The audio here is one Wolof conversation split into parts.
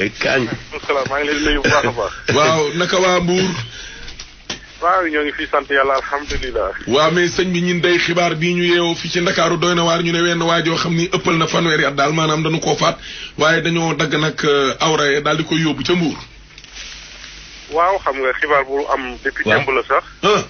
Eh, kañ. maa ngi leen nuyu bu baax a baax. waaw naka waa Mbour. waaw ñoo ngi fi sant yàlla alhamdulilah. waaw mais sëñ bi ñun day xibaar bii ñu yeewoo fi ci Ndakaaru doy na waar ñu ne wenn waajoo xam ni ëppal na fanweeri at daal maanaam dañu koo faat waaye dañoo dagg nag euh, awra daal di koy yóbbu ca Mbour. waaw xam nga xibaar bu am. depuis démb la sax. Ah.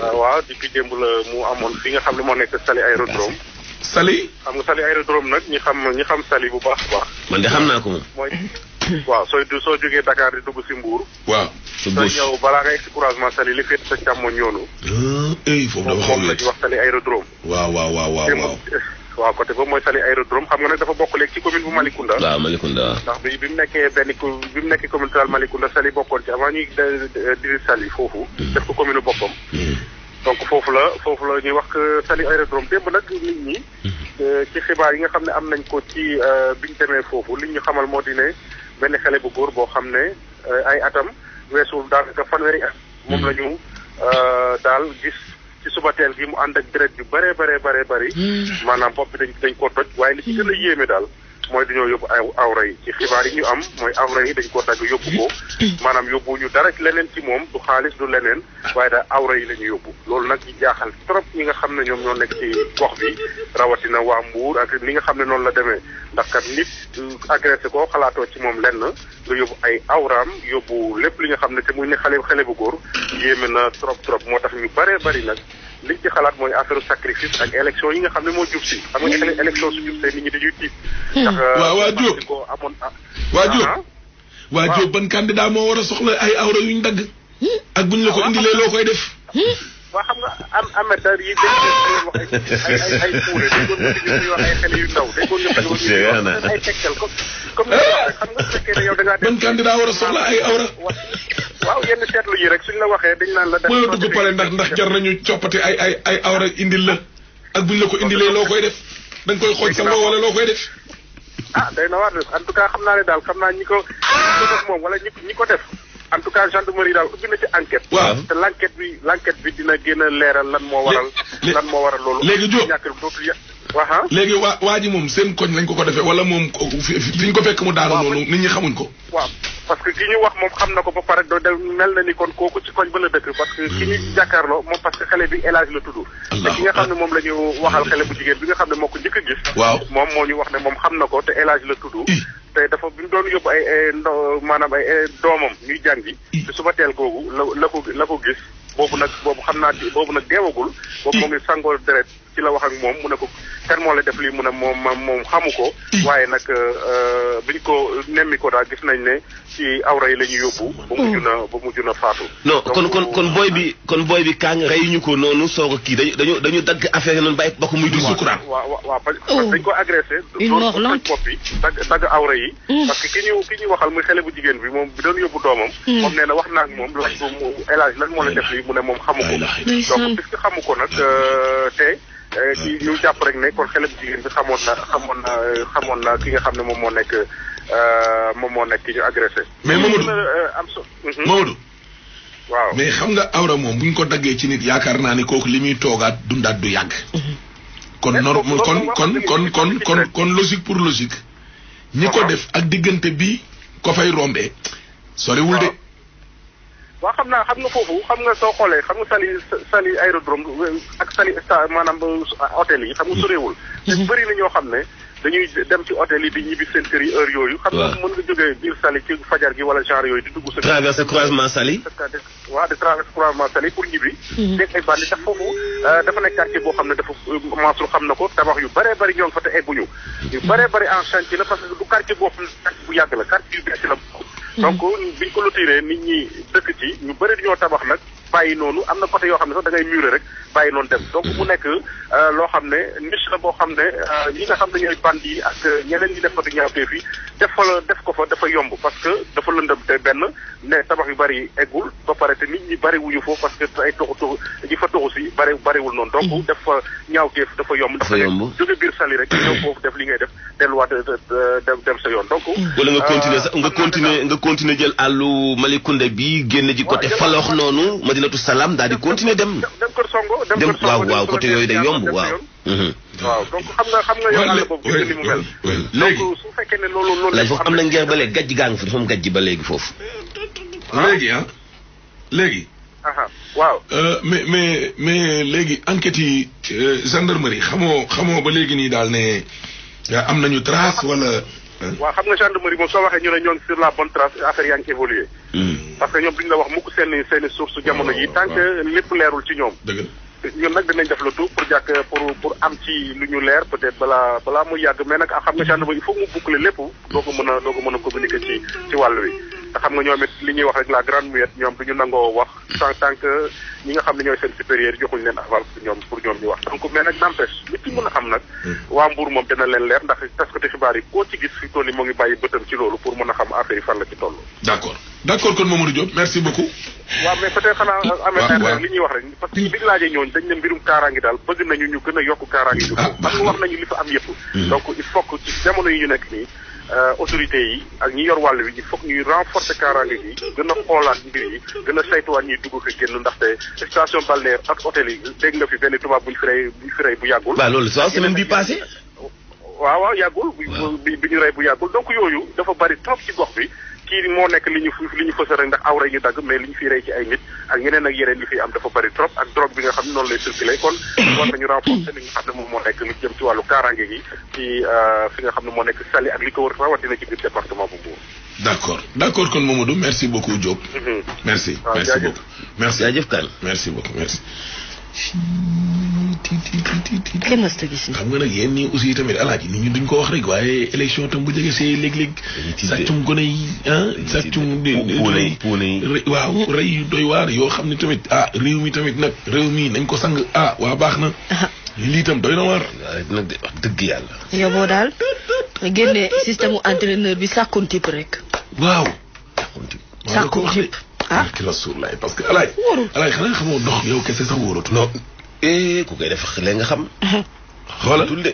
Ah, waaw depuis démb la mu amoon fi nga xam ne moo nekk Saly aérodrome. sali xam nga Saly aérodrome nag ñi xam ñi xam sali bu baax a man de xam naa ko moom. mooy waaw sooy soo jógee Dakar di dugg si mbuur waaw sa gauche sooy ñëw balaa ngay croisement Saly li féet sa càmmoñ yoonu. foofu dafa xaw moom la ñuy wax Saly waaw waaw waaw waaw waaw. waaw côté boobu mooy Saly aérodrome xam nga nag dafa bokk léegi ci commune bu Malicounda. waaw Malicounda waaw. ndax bi bi mu nekkee benn ku bi mu nekkee commune rurale Malicounda Saly bokkoon ci avant ñuy diri Saly foofu. def ko commune boppam. donc foofu la foofu la ñuy wax que sali aérodrome démb nag nit ñi mhm. euh, ci xibaar yi nga xam ne am nañ ko ci euh, biñ demee foofu li ñu xamal moo di ne benn xale bu góor boo xam ne euh, ay atam weesul daanaka fanweeri at moom la ñu mhm. daal gis ci suba gi mu ànd ak deret yu bare bare bare bari mhm. maanaam bopp bi dañ dañ ko toj waaye li ci gën a yéeme daal mooy dañoo yóbbu ay awra yi ci xibaar yi ñu am mooy awra yi dañ ko dagg yóbbu ko maanaam yóbbu ñu dara leneen ci moom du xaalis du leneen waaye daal awra yi la ñu yóbbu loolu nag ñu jaaxal trop ñi nga xam ne ñoom ñoo nekk ci gox bi rawatina waa Mbuur ak ni nga xam ne noonu la demee ndax kat nit agressé ko xalaatoo ci moom lenn nga yóbbu ay awraam yóbbu lépp li nga xam ne te mu ne xale xale bu góor yéeme na trop trop moo tax ñu bare bari nag liñ ci xalaat mooy affaire sacrifice ak élection yi nga xam ne moo si xam nga élection su jub see nit ñi dañuy waa Diop ko amoon waa Diop waa Diop ban candidat moo war a soxla ay awra yu ñu dagg. ak buñ la ko indilee loo koy def. waa xam nga am amateur yi dañ doon wax ay ay ay puure dañ doon wax ay xale yu ndaw dañ doon wax ay tegtal comme comme xam ban candidat war a soxla ay awra. waaw yenn seetlu yi rek suñ la waxee dañ naan la def booy dugg pare ndax ndax jar nañu coppati ay ay ay awra indil la ak buñ la ko indilee loo koy def dañ koy xooj sa wala loo koy def ah day na waar en tout cas xam naa ne daal xam naa ñi ko ko def moom wala ñi ko def en tout cas gendarmerie daal ubbi na ci enquête waaw te l' enquête bi l' enquête bi dina gën a leeral lan moo waral lan moo waral loolu léegi Diop ya waa ah. léegi waa waa ji moom seen koñ lañ ko ko defee wala moom fi ñu ko fekk mu daara noonu nit ñi xamuñ ko waaw parce que ki ñu wax moom xam na ko ba pare da mel na ni kon kooku ci koñ ba la dëkk parce que ki ñu hmm. jàkkaarloo moom parce que xale bi El la tudd te nga xam ne ah. moom la ñu waxal xale bu jigéen bi nga xam ne moo ko njëkk a gis waaw moom moo ñu wax ne xam na ko te El Hadj la tudd te dafa bi ñu doon yóbbu ay ndo maanaam ay doomam ñuy jàngi te suba teel googu la la ko la ko gis boobu nag boobu xam naa boobu nag deewagul boobu moo ngi sangoo deret ci la wax ak moom mu ne ko kan moo la def lii mu ne moom moom xamu ko. waaye nag euh, euh, biñ ko nemmi ko daal gis nañ ne ci awra yi la ñu yóbbu. ba mujj na ba mujj na faatu. non kon kon booy bi kon booy bi kaang reyuñu ko noonu soo a kii dañu dagg affaire yi noonu bàyyi ba ko muy. du sukuraan waaw waaw parce que oh. dañ ko agressé. une mort lente bopp bi dagg awra yi. Mm. parce que ki ñu ki ñu waxal muy xale bu jigéen bi moom bi doon yóbbu doomam. Mm. moom nee wax naa ak moom laaj ko mu El lan moo la def lii mu ne moom xamu ko. donc puisque xamu ko nag euh, te. ci eh, ñu jàpp rek ne kon xale bu jigéen bi xamoon na xamoon na xamoon na ki nga xam ne moom moo nekk euh, moom moo nekk ki ñu agressé. mais Mamadou euh, am so mhm. Mamadou. waaw mais xam nga awra moom bu ñu ko daggee ci nit yaakaar naa ne kooku li muy toogaat dundaat du yàgg. kon nor kon kon kon kon kon kon logique pour logique. ñi ko def ak diggante bi ko fay rombee. soriwul de. waa xam naa xam nga foofu xam nga soo xoolee xam nga sali sali aérodrome ak sali sta maanaam hôtel yi xam nga soréewul hmm. te bëri na ñoo xam ne dañuy dem ci hôtel yi di ñibbi seen kër yi heure yooyu xam nga mën nga jógee biir sali ci fajar gi wala genre yooyu di dugg sa traversé croisement sali pour ñibbi hmm. nekk ay bandi tax foofu euh, dafa nekk quartier boo xam ne dafa euh, Mansour xam na ko tabax yu bëree bëri ñoo ngi fa te egguñu hmm. yu bëree bëri en chantier la parce que du donc biñ ko lotiree nit ñi dëkk ci ñu bëri di ñoo tabax nag bàyyi noonu am na côté yoo xam ne sax da ngay muré rek bàyyi noonu dem donc mu nekk euh, loo xam ne niche la boo xam ne euh, ñi nga xam ne ñooy bandi yi ak ñeneen ñi def ko di ñaawteef yi def fa def ko fa dafa yomb parce que dafa lëndëm te benn ne tabax yu bëri eggul ba pare te nit ñi bariwuñu wuñu foofu parce que ay toxu toxu ñi fa toxu si bare barewul noonu donc mhm. dafa ñaawteef dafa yomb dafa yomb jóge biir sali rek ñëw foofu def li ngay def delluwaat euh, euh, dem dem sa yoon donc mhm. wala nga euh, continuer nga continuer nga continuer jël àllu malikunde bi génn ji côté falox noonu madinatu salam daal di continuer dem dem kër songo dem kër songo waaw waaw côté yooyu day yomb waaw mhm. waaw donc xam nga xam nga yow àll boobu gis ni mu mel donc su fekkee ne loolu loolu laaj foofu am na ngeer ba léegi gàjj gaa nga fa dafa am gàjj ba léegi foofu léegi ah léegi ah. waaw euh, mais mais mais léegi enquêtes yi euh, gendarmerie xamoo xamoo ba léegi nii daal ne am nañu trace wala. waaw xam nga gendarmerie moom soo waxee ñu ne ñoo ngi sur la bonne trace affaire yaa ngi hmm. parce que ñoom duñ la wax mukk seen i seen i jamono yi tant lépp leerul ci ñoom. dëgg ñun nag dinañ def le tout pour jàkk pour pour am ci lu ñu leer peut-être balaa balaa mu yàgg mais nag xam nga gendarmerie il faut mu boucler lépp doo ko mën a doo ko mën a communiquer ci ci wàll wi. te xam nga ñoom it li ñuy wax rek la grande muette ñoom du ñu nangoo wax tant tant que ñi nga xam ne ñooy seen supérieur joxuñ leen aval pour ñoom pour ñoom ñu wax donc xam nag hmm. waa Mbour moom dina leen leer ndax taskati que yi koo ci gis fi toll yi moo ngi bàyyi bëtam ci loolu pour a xam affaire yi fan la ci toll d'accord d'accord kon Mamadou Diop merci ah, ñu laajee ñooñu dañ kaaraangi daal bëgg nañu ñu gën a yokk kaaraangi ñu ah, ko parce que wax nañu li fa am yëpp hmm. donc il faut ci jamono yi ñu nekk Euh, autorité yi ak ñi yor wàll wi il faut ñuy renforcer kaaraange gi gën a xoolaat mbir yi gën a saytuwaat ñuy dugg ko génn ndaxte station balnéaire ak hôtel yi dégg nga fi benn tubaab buñ fi rey buñ fi rey bu yàggul. waaw loolu sax semaine bi passé. waaw waaw yàggul. bi bi ñu rey bu yàggul donc yooyu dafa bari trop ci gox bi. kii moo nekk li ñu li ñu fësal rek ndax awra ñu dagg mais li ñu fiy rey ci ay nit ak yeneen ak yeneen li fiy am dafa bari trop ak drogue bi nga xam ne noonu lay circulé kon war nañu renforcer li nga xam ne moom moo nekk lu jëm ci wàllu kaaraange gi ci euh, fi nga xam ne moo nekk Saly ak li ko wër rawatina ci biir département bu Mbour d'accord d'accord kon Mamadou merci beaucoup Diop mm-hmm. merci ah, merci beaucoup merci jaajëf Tall merci beaucoup merci kenn mës ta gis xam nga nag yéen ni aussi tamit alaaji nit ñi duñ ko wax rek waaye élection tam bu jege see léeg-léeg sàccum gone yi ah sàccum puune puune waaw rey yu waar yoo xam ne tamit ah réew mi tamit nag réew mi nañ ko sang ah waa baax na lii tam doy na waar nag de wax dëgg yàlla yow boo daal génne système u bi sàkkum type rek waaw barki rasulullahi parce que alaay alaay xanaa xamoo ndox yow kese sax wóoratu non eh ku koy def xële nga xam xoolal tul de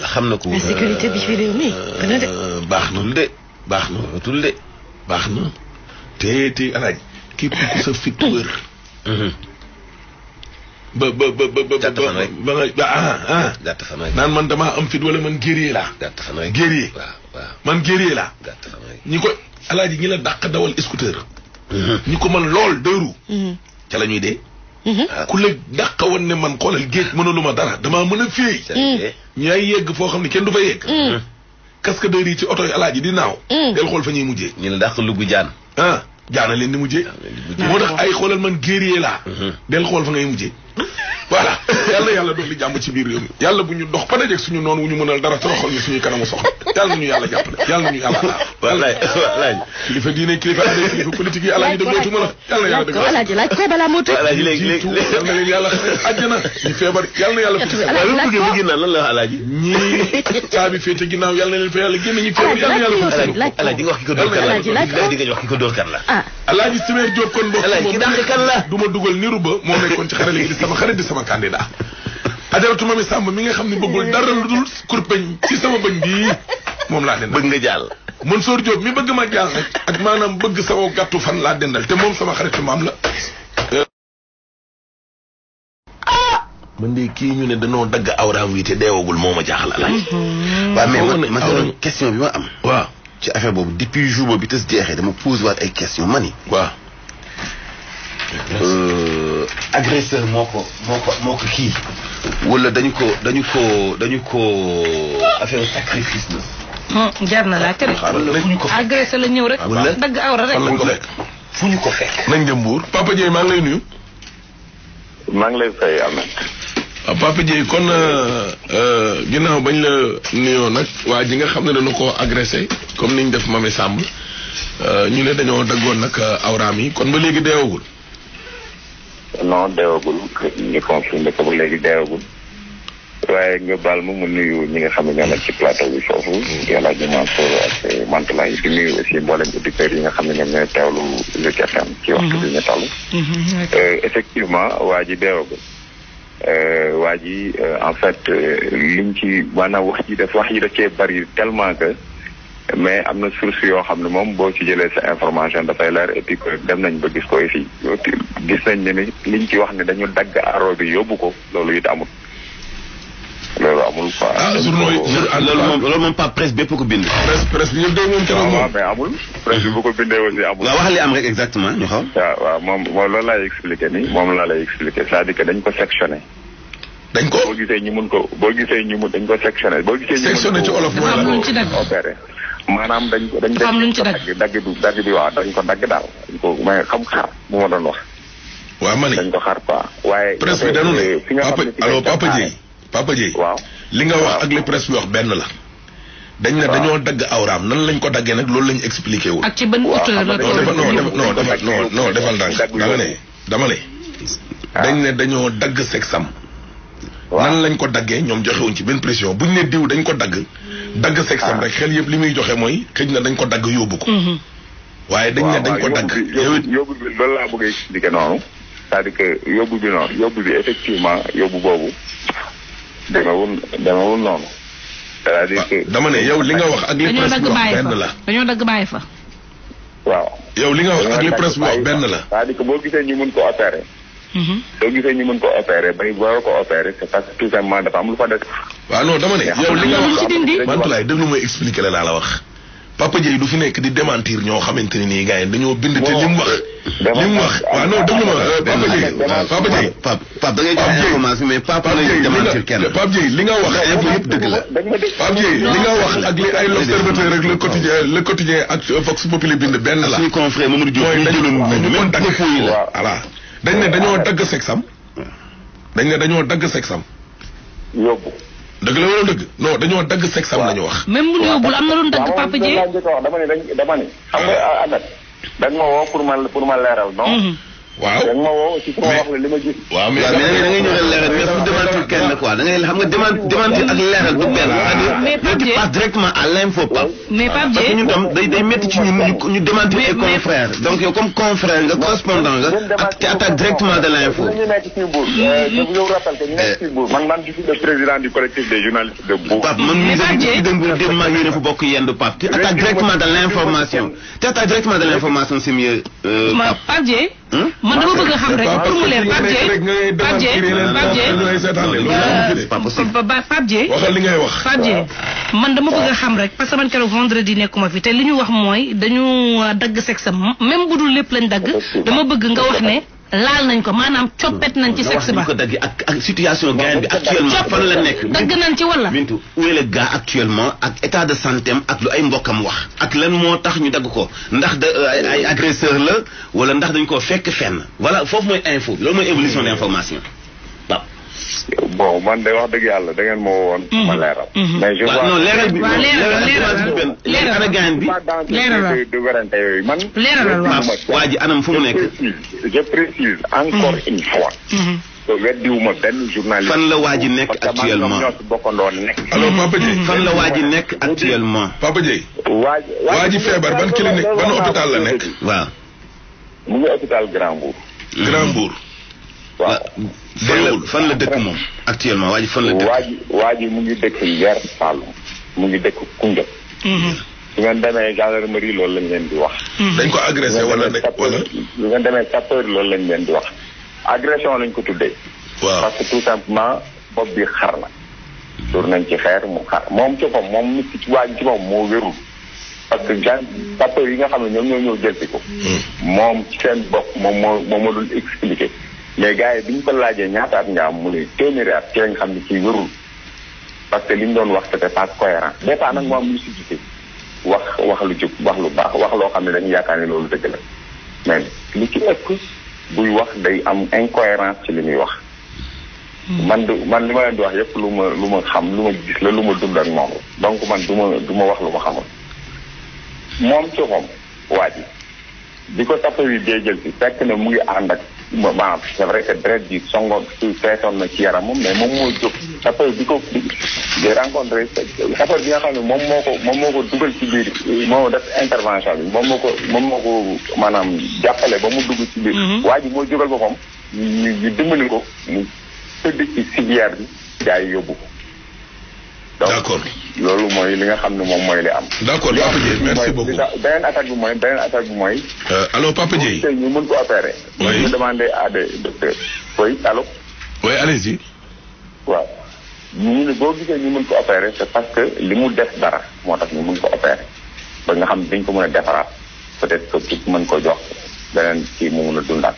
la xam na ko sécurité bi fi réew mi dana de baax na tul de baax na tul de baax na te te alaaj képp ku sa fit wër ba ba ba ba ba gàtt fan rek ba ba ah ah gàtt fan rek naan man damaa am fit wala man guerrier laa gàtt fan rek guerrier waaw waaw man guerrier laa gàtt fan rek ñi ko alaaji ñi la dàq dawal scooter ñi ko mën lool dëru mhm. ca la ñuy dee mhm. ah, ku la dàqa woon ne man xoolal géej mënuluma dara damaa mën a fii féey ñaay yëg foo xam ne kenn du fa yegg mhm. ah. casque dër yi ci oto yi alaaji di naaw del xool fa ñuy mujje ñu la dàq lugg jaan ah jaana leen di mujje moo tax ay xoolal man guerrier laa del xool fa ngay mujjee voilà yàlla yàlla dolli jàmm ci biir réew mi yàlla bu ñu dox ba dajeeg suñu noonu wu ñu mënal dara toroxal ñu suñu kanamu soxla yàlla la yàlla yàlla dëgg alaaji laaj ko balaa moo tëj alaaji léegi léegi yàlla na leen yàlla ñu yàlla na yàlla fi feebar lu bëggee yàlla di sama xarit ajaratu mami ma mi nga xam ne bëgg dara lu dul kurpeñ ci sama bëñ bii moom laa dendal. bëgg nga jàll. Mansour Diop mi bëgg ma jàll rek. ak maanaam bëgg sama gàttu fan laa dendal te moom sama xaritu maam la. man de kii ñu ne danoo dagg awraam wi te deewagul moo ma jaaxal alaay. Mm-hmm. waaw mais man man question bi ma am. waaw ci affaire boobu depuis jour boobu bi tas jeexee dama pose waat ay question ma ni. waaw. agresseur moo moo ko moo ko kii wala dañu ko dañu ko dañu ko affaire sacrifice la. Hmm, jaar na laa ñu ko agresseur la ñëw rek. Ah, wala dagg awra rek. fan ko fekk fu ñu ko fekk. nañ dem Mbour Papa Dieye maa ngi lay nuyu. maa ngi lay fay Amath. waaw Papa kon euh, euh, ginnaaw bañ la nuyoo nag waa ji nga xam ne dañu ko agressé comme niñ def Mame Samb euh, ñu leen dañoo daggoon nag awraam yi kon ba léegi deewagul. non deewagul ñu confirmé ko ba léegi deewagul waaye nga baal ma nuyu ñi nga xam ne ñoo nekk ci plateau bi foofu yàlla ñu Mansour ak yi nga xam ne ñoom ñooy teewlu Zik ci waxtu bi ñu mhm. toll mhm. Euh, effectivement waa ji deewagul euh, waa ji euh, en fait liñ ci maanaam wax ji def wax yi da cee bari tellement que mais am na source yoo xam ne moom boo ci jëlee sa information dafay leer et puis que dem nañ ba gis ko fii gis nañ ne ni liñ ci wax ne dañu dagg aro bi yóbbu ko loolu it amul. loolu amul quoi. ah loolu moom loolu moom pas bépp ko bind. presse presse bi ñun de ah, moom tamit moom amul. presse ko bindee aussi amul. waaw wax li am rek ñu xam. Ah, waaw waaw moom moom loolu laay expliqué nii moom laa lay expliqué cest à dañ ko sectionné. dañ ko boo gisee ñu mun ko boo gisee ñu mun dañ ko sectionné. boo gisee ñu mun ko sectionné ci olof mooy la opéré. maanaam dañ ko dañ ko dagg dagg bi dagg bi waaw dañ ko dagg daal dañ ko may xam xar bu ma doon wax waaw ma ne dañ ko xar quoi waaye presse bi dañu ne papa alors papa Dieye papa Dieye waaw li nga wax ak li presse wax benn la dañ ne dañoo dagg awraam nan lañ ko daggee nag loolu lañ expliqué wul ak ci ban hauteur la non defal non non defal ndànk dama ne dama ne ah. dañ ne dañoo dagg sexam nan lañ ko daggee ñoom joxewuñ ci benn pression buñ ne diw dañ ko dagg dagg sexam ah. rek xel yëpp li muy joxe mooy xëj na dañ ko dagg yóbbu ko. Mhm. waaye dañ ne dañ ko dagg. yóbbu bi laa bëgg a expliqué noonu. c'est-à-dire que yóbbu bi bi effectivement yóbbu boobu. demewul demewul noonu. Ah, dama ne yow li nga wax ak li presse bi wax benn la dañoo dagg bàyyi fa. waaw. li nga wax ak li presse bi wax benn la. boo gisee ñu mën ko opérer. Mm-hmm. soo gisee ñu mën ko opérer ko opérer c'est am lu fa des. waaw dama ne yow li nga wax Mantoulaye déglu mooy expliquer la laa la wax. Papa Dieye du fi nekk di démentir ñoo xamante ni nii gars yi dañoo bind te li mu wax. li mu wax waaw non déglu ma Papa Dieye Papa Dieye. da ngay joxe li nga wax yëpp la. Pape Dieye li nga wax ak li ay l'observateur rek le quotidien le quotidien ak Vox Populi bind benn la. suñu confrère Mamadou Diop ñu jëloon ñu ñu dañ ne dañoo dagg sexam dañ ne dañoo dagg sexam yóbbu dëgg la wala dëgg non dañoo dagg sexam la ñu wax même bu ñu yóbbul am na doon dagg papa dama ne dañ dama ne xam nga adat ma woo pour ma leeral non mm-hmm. waaw da nga ma woo aussi pour ma wax la li ma gis. waaw mais da ngay ñëwal leeral mais xam nga démentir ak leeral du benn. mais Pape Dié passe directement à l'info Pape. mais Pape Dié parce que ci ñu ñu démentir ay donc yow comme confrère nga correspondant nga ak te directement de l'info. ñu nekk ci Mbour. Euh, je vous rappelle que ñu nekk ci eh. Mbour. man man je du collectif des journalistes maa ngi ne fu bokk yendu Pape. te attaque directement de l'information te attaque directement de l'information c'est mieux euh, Pape. Pape Hmm? man dama bëgg a xam rek pour mu leer Pape Dieng Pape Dieng Pape Dieng waxal li ngay wax Pape man dama bëgg a xam rek parce que man keroog vendredi nekkuma fi te li ñu wax mooy dañu dagg sexe même bu dul lépp lañ dagg dama bëgg nga wax ne laal nañ ko maanaam coppet nañ ci sexe ba ko dagg ak ak situation gain bi actuellement fan la nekk dagg nañ ci wala mintu où est le gars actuellement ak état de santé ak lu ay mbokam wax ak lan moo tax ñu dagg ko ndax de euh, ay agresseur la wala ndax dañ ko fekk fenn voilà foofu mooy info bi loolu mooy évolution hmm. d'information bon man de wax dëgg yàlla da ngeen ma woon. Mhm. ma leeral. Mhm. mais je vois non leeral bi leeral leeral gaañ waa ji anam fu mu nekk. Mhm. fan la waa ji nekk actuellement ñoo nekk. alors Papa Dieye fan la waa ji nekk actuellement. Papa Dieye. waa ji feebar ban clinique hôpital la nekk. waaw. mu ngi hôpital Grand Bour. Grand Bour. waaw fan fan la dëkk moom actuellement waa ji fan la dëkk. waa ji waa ji mu ngi dëkk Yer Saloum mu ngi dëkk Koungheul. Mhm. su ngeen demee gendarmerie loolu lañ leen di wax. Mhm. dañ ko agressé wala nekk wala. su ngeen demee sapeur loolu lañ leen di wax. agression lañ ko tuddee. waaw parce que tout simplement bopp bi xar na. door nañ ci xeer mu xar moom ci boppam moom nit ci waa ji ci moom moo wérul. parce que gen sapeur yi nga xam ne ñoom ñoo ñëw jëlsi ko. Mhm. moom seen bopp moom moo moom ma dul expliqué. mais gars yi bi ñu ko laajee ñaata at nga am mu ne téeméeri at kee nga xam ne kii wérul parce que li ñu doon wax c'était pas cohérent des fois nag si am lucidité wax wax lu jub wax lu baax wax loo xam ne dañu yaakaar ne loolu dëgg la mais li ci ëpp buy wax day am incohérence ci li muy wax man du man li ma leen di wax yëpp lu ma lu ma xam lu ma gis la lu ma dund ak moom donc man du ma du ma wax lu ma xamul moom ci moom waa ji bi ko sappe bi dee jël si fekk na mu ngi ànd ak bon c'est vrai que deret bi songoon kii feesoon na ci yaram moom mais moom moo jóg sapeur bi ko di rencontré sapeur bi nga xam ne moom moo ko moom moo ko dugal ci biir euh, moo def intervention bi moom moo ko moom moo ko maanaam jàppale ba mu dugg ci biir mhm. waa ji moo jógal boppam ñu dimbali ko mu tëdd ci civière bi gaa yi yóbbu d'accord loolu mooy li nga xam ne moom mooy li am. d'accord Papa Dieye merci beaucoup beneen attaque bi mooy beneen attaque bi mooy. Euh, allo Papa Dieye tey ñu mën ko opérer. oui ñu demandé à des docteurs. oui allo. oui allez-y. waaw ñu ne boo gisee ñu mën ko opérer c'est parce li mu def dara moo tax ñu mu ko opérer ba nga xam ne dañ ko mën a defaraat peut-être que mën ko jox beneen kii mu mën a dundaat.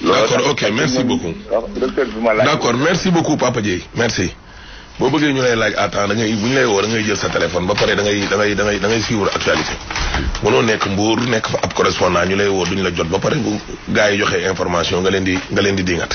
d'accord ok merci beaucoup. docteur bi ma laaj. d'accord merci beaucoup Papa Dieye merci. boo bëggee ñu lay laaj à temps bu ñu lay woo da ngay jël sa téléphone ba pare da ngay da ngay da ngay da ngay suivre actualité. mënoo nekk mbuur nekk fa ab correspondant ñu lay woo duñ la jot ba pare bu gars yi joxe information nga leen di nga leen di dingat